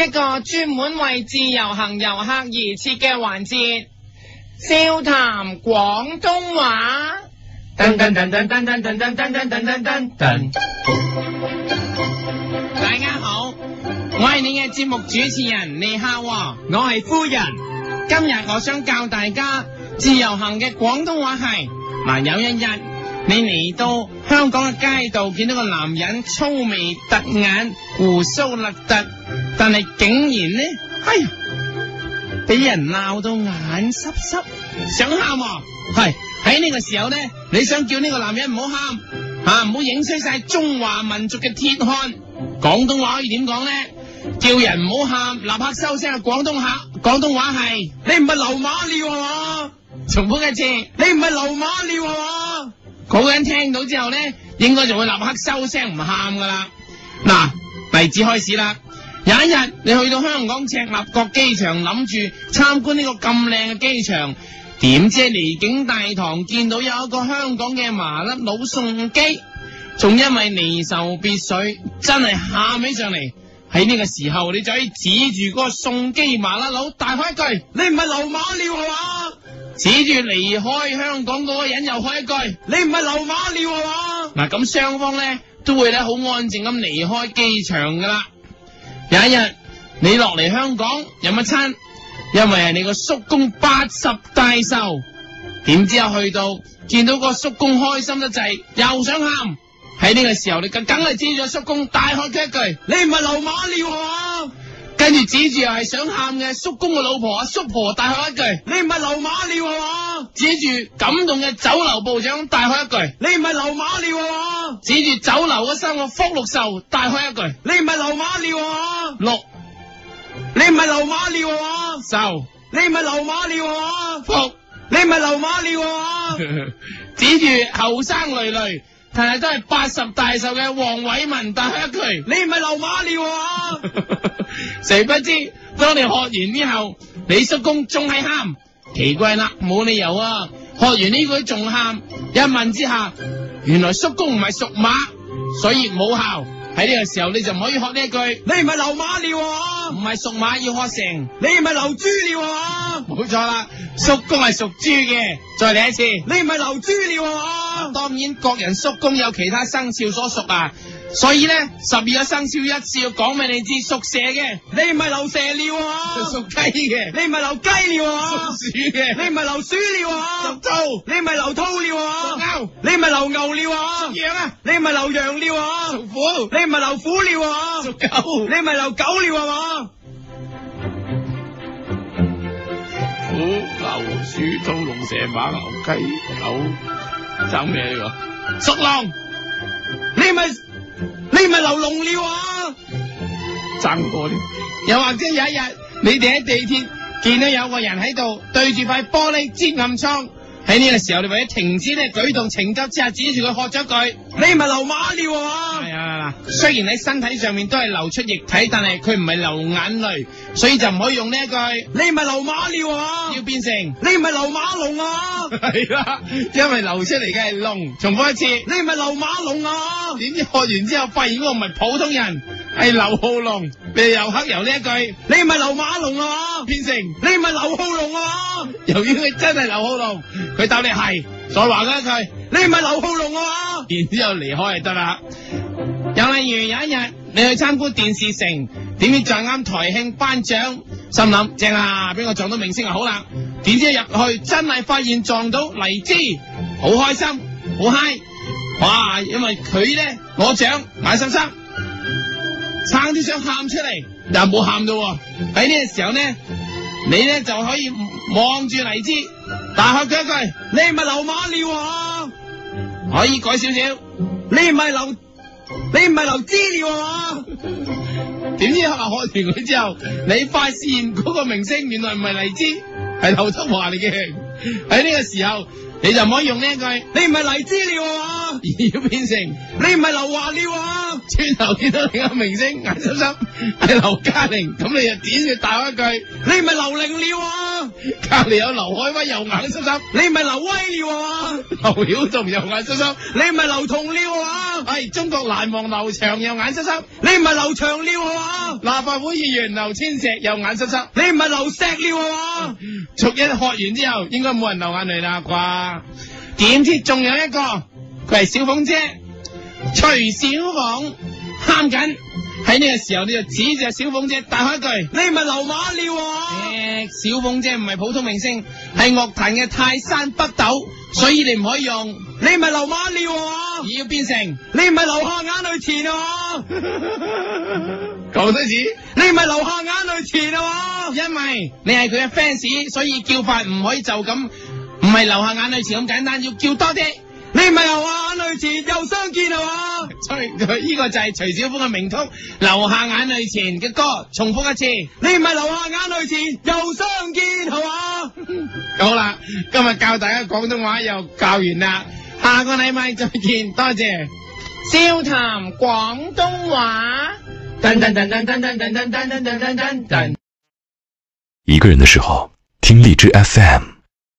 一個專門為自由行遊客而設嘅環節，笑談廣東話。大家好，我係你嘅節目主持人李孝，我係夫人。今日我想教大家自由行嘅廣東話係，嗱，有一日。你嚟到香港嘅街道，見到個男人粗眉凸眼，鬍鬚邋遢，但係竟然呢，係、哎、俾人鬧到眼濕濕，想喊啊！係喺呢個時候呢，你想叫呢個男人唔好喊啊，唔好影衰晒中華民族嘅鐵漢。廣東話可以點講呢？叫人唔好喊，立刻收聲啊！廣東客，廣東話係，你唔係流馬尿啊，下話？重複一次，你唔係流馬尿啊，下話？嗰個人聽到之後呢，應該就會立刻收聲唔喊噶啦。嗱、啊，例子開始啦。有一日你去到香港赤鱲角機場，諗住參觀呢個咁靚嘅機場，點知離境大堂見到有一個香港嘅麻甩佬送機，仲因為離愁別水，真係喊起上嚟。喺呢個時候，你就可以指住嗰個送機麻甩佬大喊一句：你唔係流馬尿係嘛？指住離開香港嗰個人又開一句，你唔係流馬尿啊嘛？嗱，咁雙方咧都會咧好安靜咁離開機場噶啦。有一日你落嚟香港飲一餐，因為係你個叔公八十大壽。點知啊去到見到個叔公開心得滯，又想喊。喺呢個時候你梗梗係指住個叔公大喊一句：嗯、你唔係流馬尿啊嘛？跟住指住又係想喊嘅叔公嘅老婆阿、啊、叔婆，大開一句：你唔係流馬尿啊嘛？指住感動嘅酒樓部長，大開一句：你唔係流馬尿啊！指住酒樓嗰三個福祿壽，大開一句：你唔係流馬尿啊！祿，你唔係流馬尿啊！壽秀，你唔係流馬尿啊！福復，你唔係流馬尿啊！指住後生累累，但係都係八十大壽嘅黃偉文，大開一句：你唔係流馬尿啊！誰不知當你學完之後，你叔公仲係喊，奇怪啦，冇理由啊！學完呢句仲喊，一問之下，原來叔公唔係屬馬，所以冇效。喺呢個時候你就唔可以學呢一句，你唔係流馬尿吓話？唔係屬馬，要學成，你唔係流豬尿。冇錯啦，叔公係屬豬嘅。再嚟一次，你唔係流豬尿。當然，各人叔公有其他生肖所屬啊。所以咧，十二個生肖一次要講俾你知，屬蛇嘅，你唔係流蛇尿；屬雞嘅，你唔係流雞尿；屬鼠嘅，你唔係流鼠了；屬兔，你唔係流兔了；屬牛，你唔係流牛了；屬羊啊，你唔係流羊了尿；屬虎，你唔係流虎了尿；屬狗，你唔係流狗了尿，係嘛？鼠兔龍蛇馬牛雞狗爭咩呢個？屬龍，你係咪你係咪流龍尿啊！爭過咧，又或者有一日你哋喺地鐵見到有個人喺度對住塊玻璃沾暗瘡，喺呢個時候你為咗停止咧舉動，情急之下指住佢喝咗句：你唔係流馬尿啊！雖然喺身體上面都係流出液體，但係佢唔係流眼淚，所以就唔可以用呢一句。你唔係流馬尿啊！要變成你唔係流馬龍啊！係啊， 因為流出嚟嘅係龍。重複一次， 你唔係流馬龍啊？點知學完之後發現我唔係普通人，係劉浩龍。譬如又黑由呢一句，你唔係流馬龍啊？變成你唔係劉浩龍啊？由於佢真係劉浩龍，佢答你係，再話佢一句， 你唔係劉浩龍啊？然之後離開就得啦。又例如有一日你去參觀電視城，點知撞啱台慶頒獎，心諗正啊，畀我撞到明星啊，好啦，點知一入去真係發現撞到黎姿，好開心，好嗨，哇！因為佢咧攞獎買心心，撐啲想喊出嚟，又冇喊到啫。喺呢個時候咧，你咧就可以望住黎姿，大合佢一,一句：你唔係流馬尿啊！可以改少少，你唔係流。你唔係黎姿了啊嘛，點 知我看完佢之後，你發現嗰個明星原來唔係黎姿，係劉德華嚟嘅。 喺呢個時候，你就唔可以用呢一句，你唔係黎姿尿，而要變成你唔係劉華尿。轉頭見到另一個明星眼濕濕，係劉嘉玲，咁你又點要大我一句？你唔係劉玲尿。隔籬有劉海威又眼濕濕，你唔係劉威尿。劉曉彤又眼濕濕，你唔係劉彤尿。係中國難忘劉翔又眼濕濕，你唔係劉翔尿。立法會議員劉千石又眼濕濕，你唔係劉石尿。逐一喝完之後，應該。都冇人流眼淚啦啩。點知仲有一個，佢係小鳳姐，徐小鳳喊緊。喺呢個時候，你就指住小鳳姐大喊一句，你唔係流馬尿，啊欸！小鳳姐唔係普通明星，係樂壇嘅泰山北斗，所以你唔可以用，你唔係流馬尿，啊，而要變成你唔係流下眼淚前啊！講得似，你唔係流下眼淚前啊！因為你係佢嘅 fans，所以叫法唔可以就咁，唔係流下眼淚前咁簡單，要叫多啲。你唔係流下眼淚前又相見係嘛？所以佢呢個就係徐小鳳嘅名曲《流下眼淚前》嘅、這個、歌，重複一次。你唔係流下眼淚前又相見係嘛？ 好啦，今日教大家廣東話又教完啦，下個禮拜再見，多謝。笑談廣東話。噔噔噔噔噔噔噔噔噔噔噔噔。一個人的時候，聽荔枝 FM。